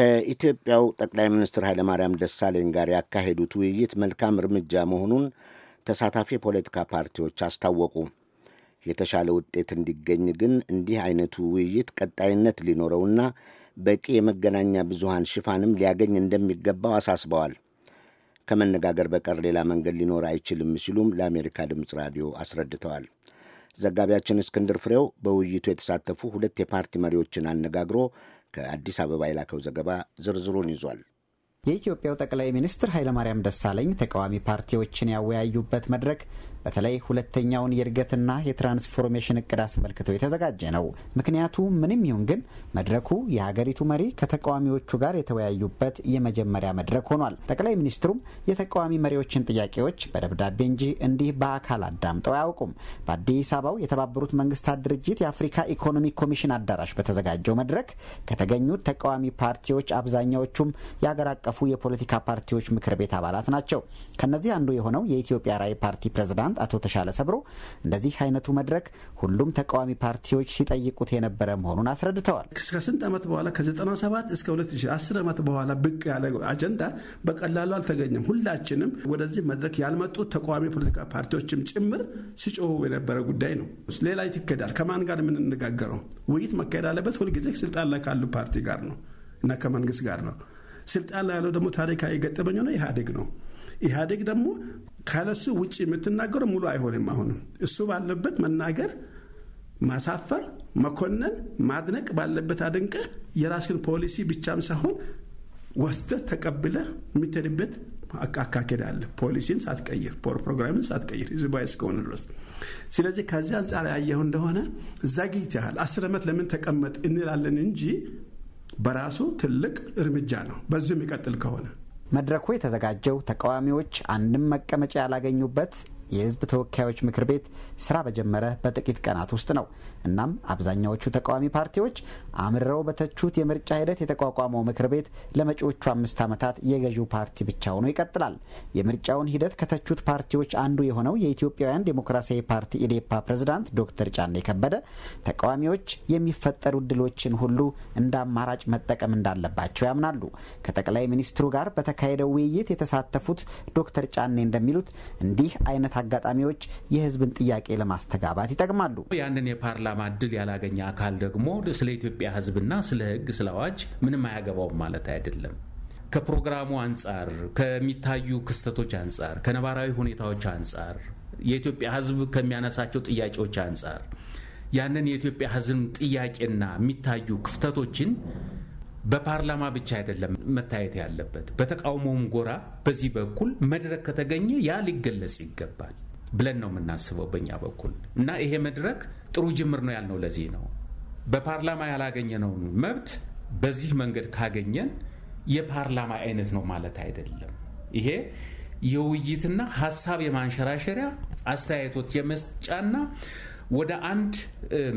ከኢትዮጵያው ጠቅላይ ሚኒስትር ኃይለማርያም ደሳለኝ ጋር ያካሄዱት ውይይት መልካም እርምጃ መሆኑን ተሳታፊ የፖለቲካ ፓርቲዎች አስታወቁ። የተሻለ ውጤት እንዲገኝ ግን እንዲህ አይነቱ ውይይት ቀጣይነት ሊኖረውና በቂ የመገናኛ ብዙሃን ሽፋንም ሊያገኝ እንደሚገባው አሳስበዋል። ከመነጋገር በቀር ሌላ መንገድ ሊኖር አይችልም ሲሉም ለአሜሪካ ድምፅ ራዲዮ አስረድተዋል። ዘጋቢያችን እስክንድር ፍሬው በውይይቱ የተሳተፉ ሁለት የፓርቲ መሪዎችን አነጋግሮ ከአዲስ አበባ የላከው ዘገባ ዝርዝሩን ይዟል። የኢትዮጵያው ጠቅላይ ሚኒስትር ኃይለማርያም ደሳለኝ ተቃዋሚ ፓርቲዎችን ያወያዩበት መድረክ በተለይ ሁለተኛውን የእድገትና የትራንስፎርሜሽን እቅድ አስመልክቶ የተዘጋጀ ነው። ምክንያቱ ምንም ይሁን ግን መድረኩ የሀገሪቱ መሪ ከተቃዋሚዎቹ ጋር የተወያዩበት የመጀመሪያ መድረክ ሆኗል። ጠቅላይ ሚኒስትሩም የተቃዋሚ መሪዎችን ጥያቄዎች በደብዳቤ እንጂ እንዲህ በአካል አዳምጠው አያውቁም። በአዲስ አበባው የተባበሩት መንግስታት ድርጅት የአፍሪካ ኢኮኖሚ ኮሚሽን አዳራሽ በተዘጋጀው መድረክ ከተገኙት ተቃዋሚ ፓርቲዎች አብዛኛዎቹም የሀገር አቀፉ አቀፉ የፖለቲካ ፓርቲዎች ምክር ቤት አባላት ናቸው። ከእነዚህ አንዱ የሆነው የኢትዮጵያ ራዕይ ፓርቲ ፕሬዝዳንት አቶ ተሻለ ሰብሮ እንደዚህ አይነቱ መድረክ ሁሉም ተቃዋሚ ፓርቲዎች ሲጠይቁት የነበረ መሆኑን አስረድተዋል። እስከ ስንት ዓመት በኋላ ከ97 እስከ 2010 ዓመት በኋላ ብቅ ያለ አጀንዳ በቀላሉ አልተገኘም። ሁላችንም ወደዚህ መድረክ ያልመጡት ተቃዋሚ ፖለቲካ ፓርቲዎችም ጭምር ሲጮሁ የነበረ ጉዳይ ነው። ሌላ የት ይከዳል? ከማን ጋር የምንነጋገረው? ውይይት መካሄድ አለበት። ሁልጊዜ ስልጣን ላይ ካሉ ፓርቲ ጋር ነው እና ከመንግስት ጋር ነው። ስልጣን ላይ ያለው ደግሞ ታሪካዊ የገጠመኝ ሆነ ኢህአዴግ ነው። ኢህአዴግ ደግሞ ካለሱ ውጭ የምትናገሩ ሙሉ አይሆንም። አሁንም እሱ ባለበት መናገር፣ ማሳፈር፣ መኮነን፣ ማድነቅ ባለበት አድንቀ የራስህን ፖሊሲ ብቻም ሳይሆን ወስደህ ተቀብለ የሚተድበት አካሄድ አለ። ፖሊሲን ሳትቀይር ፕሮግራምን ሳትቀይር ህዝባዊ እስከሆነ ድረስ። ስለዚህ ከዚህ አንጻር ያየሁ እንደሆነ ዘግይተሃል፣ አስር ዓመት ለምን ተቀመጥ እንላለን እንጂ በራሱ ትልቅ እርምጃ ነው። በዚሁ የሚቀጥል ከሆነ መድረኩ የተዘጋጀው ተቃዋሚዎች አንድም መቀመጫ ያላገኙበት የህዝብ ተወካዮች ምክር ቤት ስራ በጀመረ በጥቂት ቀናት ውስጥ ነው። እናም አብዛኛዎቹ ተቃዋሚ ፓርቲዎች አምርረው በተቹት የምርጫ ሂደት የተቋቋመው ምክር ቤት ለመጪዎቹ አምስት ዓመታት የገዢው ፓርቲ ብቻ ሆኖ ይቀጥላል። የምርጫውን ሂደት ከተቹት ፓርቲዎች አንዱ የሆነው የኢትዮጵያውያን ዴሞክራሲያዊ ፓርቲ ኢዴፓ ፕሬዝዳንት ዶክተር ጫኔ ከበደ ተቃዋሚዎች የሚፈጠሩ እድሎችን ሁሉ እንደ አማራጭ መጠቀም እንዳለባቸው ያምናሉ። ከጠቅላይ ሚኒስትሩ ጋር በተካሄደው ውይይት የተሳተፉት ዶክተር ጫኔ እንደሚሉት እንዲህ አይነት አጋጣሚዎች የህዝብን ጥያቄ ለማስተጋባት ይጠቅማሉ። ያንን የፓርላማ እድል ያላገኘ አካል ደግሞ ስለ ኢትዮጵያ ህዝብና ስለ ህግ፣ ስለ አዋጅ ምንም አያገባውም ማለት አይደለም። ከፕሮግራሙ አንጻር፣ ከሚታዩ ክስተቶች አንጻር፣ ከነባራዊ ሁኔታዎች አንጻር፣ የኢትዮጵያ ህዝብ ከሚያነሳቸው ጥያቄዎች አንጻር ያንን የኢትዮጵያ ህዝብ ጥያቄና የሚታዩ ክፍተቶችን በፓርላማ ብቻ አይደለም መታየት ያለበት። በተቃውሞውም ጎራ በዚህ በኩል መድረክ ከተገኘ ያ ሊገለጽ ይገባል ብለን ነው የምናስበው በእኛ በኩል እና ይሄ መድረክ ጥሩ ጅምር ነው ያልነው ለዚህ ነው። በፓርላማ ያላገኘነውን መብት በዚህ መንገድ ካገኘን የፓርላማ አይነት ነው ማለት አይደለም። ይሄ የውይይትና ሀሳብ የማንሸራሸሪያ አስተያየቶች የመስጫና ወደ አንድ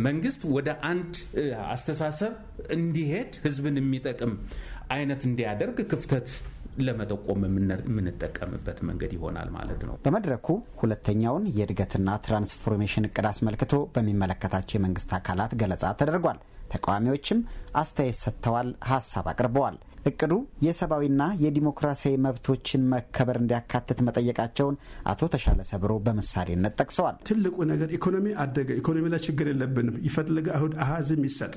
መንግስት ወደ አንድ አስተሳሰብ እንዲሄድ ህዝብን የሚጠቅም አይነት እንዲያደርግ ክፍተት ለመጠቆም የምንጠቀምበት መንገድ ይሆናል ማለት ነው። በመድረኩ ሁለተኛውን የእድገትና ትራንስፎርሜሽን እቅድ አስመልክቶ በሚመለከታቸው የመንግስት አካላት ገለጻ ተደርጓል። ተቃዋሚዎችም አስተያየት ሰጥተዋል፣ ሀሳብ አቅርበዋል። እቅዱ የሰብአዊና የዲሞክራሲያዊ መብቶችን መከበር እንዲያካትት መጠየቃቸውን አቶ ተሻለ ሰብሮ በምሳሌነት ጠቅሰዋል። ትልቁ ነገር ኢኮኖሚ አደገ። ኢኮኖሚ ላይ ችግር የለብንም። ይፈልገ አይሁድ አሃዝም ይሰጥ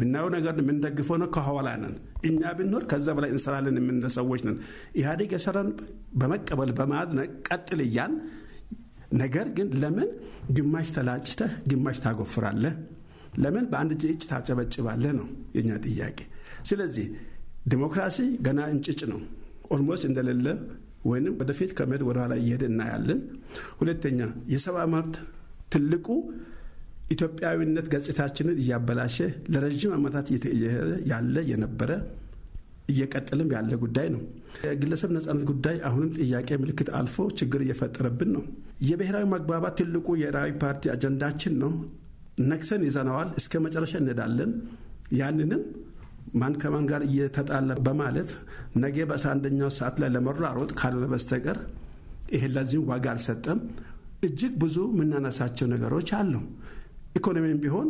ምናየው ነገር የምንደግፈው ነው። ከኋላ ነን እኛ ብንኖር ከዛ በላይ እንሰራለን የምንለ ሰዎች ነን። ኢህአዴግ የሰራን በመቀበል በማድነቅ ቀጥል እያን ነገር ግን ለምን ግማሽ ተላጭተህ ግማሽ ታጎፍራለህ? ለምን በአንድ እጅ ታጨበጭባለህ ነው የኛ ጥያቄ። ስለዚህ ዲሞክራሲ ገና እንጭጭ ነው፣ ኦልሞስት እንደሌለ ወይንም ወደፊት ከመሄድ ወደኋላ እየሄደ እናያለን። ሁለተኛ የሰብአዊ መብት ትልቁ ኢትዮጵያዊነት ገጽታችንን እያበላሸ ለረዥም ዓመታት እየተሄደ ያለ የነበረ እየቀጠለም ያለ ጉዳይ ነው። የግለሰብ ነጻነት ጉዳይ አሁንም ጥያቄ ምልክት አልፎ ችግር እየፈጠረብን ነው። የብሔራዊ መግባባት ትልቁ የራዊ ፓርቲ አጀንዳችን ነው። ነክሰን ይዘነዋል። እስከ መጨረሻ እንሄዳለን። ያንንም ማን ከማን ጋር እየተጣለ በማለት ነገ በአስራ አንደኛው ሰዓት ላይ ለመሯሮጥ ካልሆነ በስተቀር ይሄ ለዚህም ዋጋ አልሰጠም። እጅግ ብዙ የምናነሳቸው ነገሮች አሉ። ኢኮኖሚም ቢሆን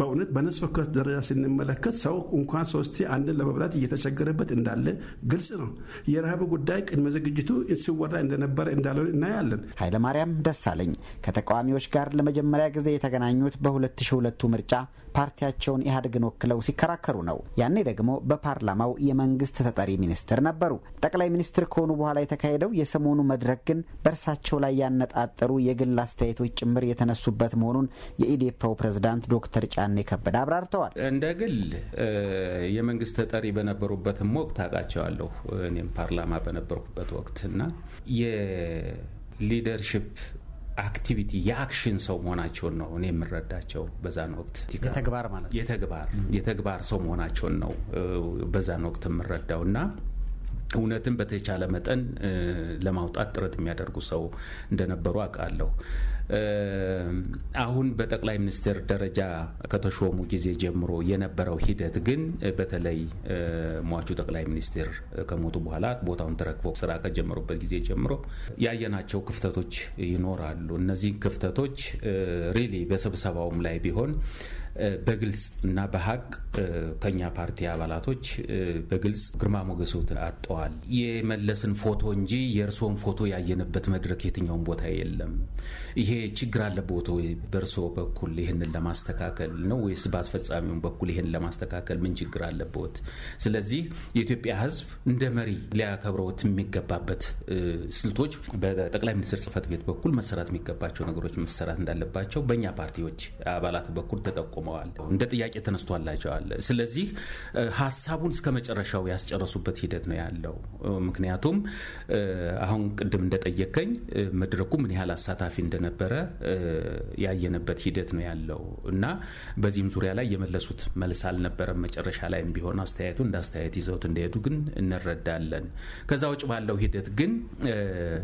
በእውነት በነፍስ ወከፍ ደረጃ ስንመለከት ሰው እንኳን ሶስቴ አንድን ለመብላት እየተቸገረበት እንዳለ ግልጽ ነው። የረሃብ ጉዳይ ቅድመ ዝግጅቱ ሲወራ እንደነበረ እንዳለ እናያለን። ኃይለማርያም ደሳለኝ ከተቃዋሚዎች ጋር ለመጀመሪያ ጊዜ የተገናኙት በ2002 ምርጫ ፓርቲያቸውን ኢህአዴግን ወክለው ሲከራከሩ ነው። ያኔ ደግሞ በፓርላማው የመንግስት ተጠሪ ሚኒስትር ነበሩ። ጠቅላይ ሚኒስትር ከሆኑ በኋላ የተካሄደው የሰሞኑ መድረክ ግን በእርሳቸው ላይ ያነጣጠሩ የግል አስተያየቶች ጭምር የተነሱበት መሆኑን የኢዴፓው ፕሬዝዳንት ዶክተር ጫኔ ከበደ አብራርተዋል። እንደ ግል የመንግስት ተጠሪ በነበሩበትም ወቅት አውቃቸዋለሁ። እኔም ፓርላማ በነበርኩበት ወቅት እና የሊደርሽፕ አክቲቪቲ የአክሽን ሰው መሆናቸውን ነው እኔ የምረዳቸው። በዛን ወቅት የተግባር ማለት የተግባር የተግባር ሰው መሆናቸውን ነው በዛን ወቅት የምረዳው እና እውነትን በተቻለ መጠን ለማውጣት ጥረት የሚያደርጉ ሰው እንደነበሩ አውቃለሁ። አሁን በጠቅላይ ሚኒስትር ደረጃ ከተሾሙ ጊዜ ጀምሮ የነበረው ሂደት ግን በተለይ ሟቹ ጠቅላይ ሚኒስትር ከሞቱ በኋላ ቦታውን ተረክቦ ስራ ከጀመሩበት ጊዜ ጀምሮ ያየናቸው ክፍተቶች ይኖራሉ። እነዚህ ክፍተቶች ሪሊ በስብሰባውም ላይ ቢሆን በግልጽ እና በሀቅ ከኛ ፓርቲ አባላቶች በግልጽ ግርማ ሞገሱት አጠዋል። የመለስን ፎቶ እንጂ የእርስዎን ፎቶ ያየንበት መድረክ የትኛውም ቦታ የለም። ይሄ ችግር አለበት ወይ በእርሶ በኩል ይህንን ለማስተካከል ነው ወይስ በአስፈጻሚውን በኩል ይህን ለማስተካከል ምን ችግር አለበት? ስለዚህ የኢትዮጵያ ሕዝብ እንደ መሪ ሊያከብረውት የሚገባበት ስልቶች በጠቅላይ ሚኒስትር ጽህፈት ቤት በኩል መሰራት የሚገባቸው ነገሮች መሰራት እንዳለባቸው በእኛ ፓርቲዎች አባላት በኩል ተጠቁመዋል። እንደ ጥያቄ ተነስቷላቸዋል። ስለዚህ ሀሳቡን እስከ መጨረሻው ያስጨረሱበት ሂደት ነው ያለው። ምክንያቱም አሁን ቅድም እንደጠየከኝ መድረኩ ምን ያህል አሳታፊ እንደነበረ እንደነበረ ያየንበት ሂደት ነው ያለው እና በዚህም ዙሪያ ላይ የመለሱት መልስ አልነበረም። መጨረሻ ላይም ቢሆን አስተያየቱ እንደ አስተያየት ይዘውት እንደሄዱ ግን እንረዳለን። ከዛ ውጭ ባለው ሂደት ግን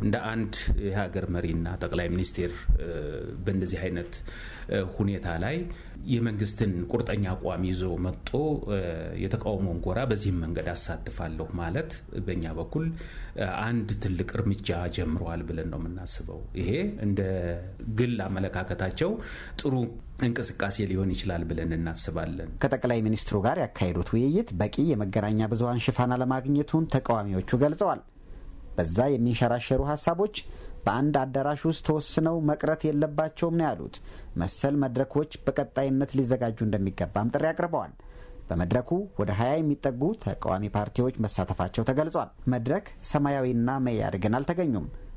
እንደ አንድ የሀገር መሪና ጠቅላይ ሚኒስቴር በእንደዚህ አይነት ሁኔታ ላይ የመንግስትን ቁርጠኛ አቋም ይዞ መጥቶ የተቃውሞውን ጎራ በዚህም መንገድ አሳትፋለሁ ማለት በእኛ በኩል አንድ ትልቅ እርምጃ ጀምረዋል ብለን ነው የምናስበው። ይሄ እንደ ግል አመለካከታቸው ጥሩ እንቅስቃሴ ሊሆን ይችላል ብለን እናስባለን። ከጠቅላይ ሚኒስትሩ ጋር ያካሄዱት ውይይት በቂ የመገናኛ ብዙሀን ሽፋን አለማግኘቱን ተቃዋሚዎቹ ገልጸዋል። በዛ የሚንሸራሸሩ ሀሳቦች በአንድ አዳራሽ ውስጥ ተወስነው መቅረት የለባቸውም ነው ያሉት። መሰል መድረኮች በቀጣይነት ሊዘጋጁ እንደሚገባም ጥሪ አቅርበዋል። በመድረኩ ወደ ሀያ የሚጠጉ ተቃዋሚ ፓርቲዎች መሳተፋቸው ተገልጿል። መድረክ ሰማያዊና መያድ ግን አልተገኙም።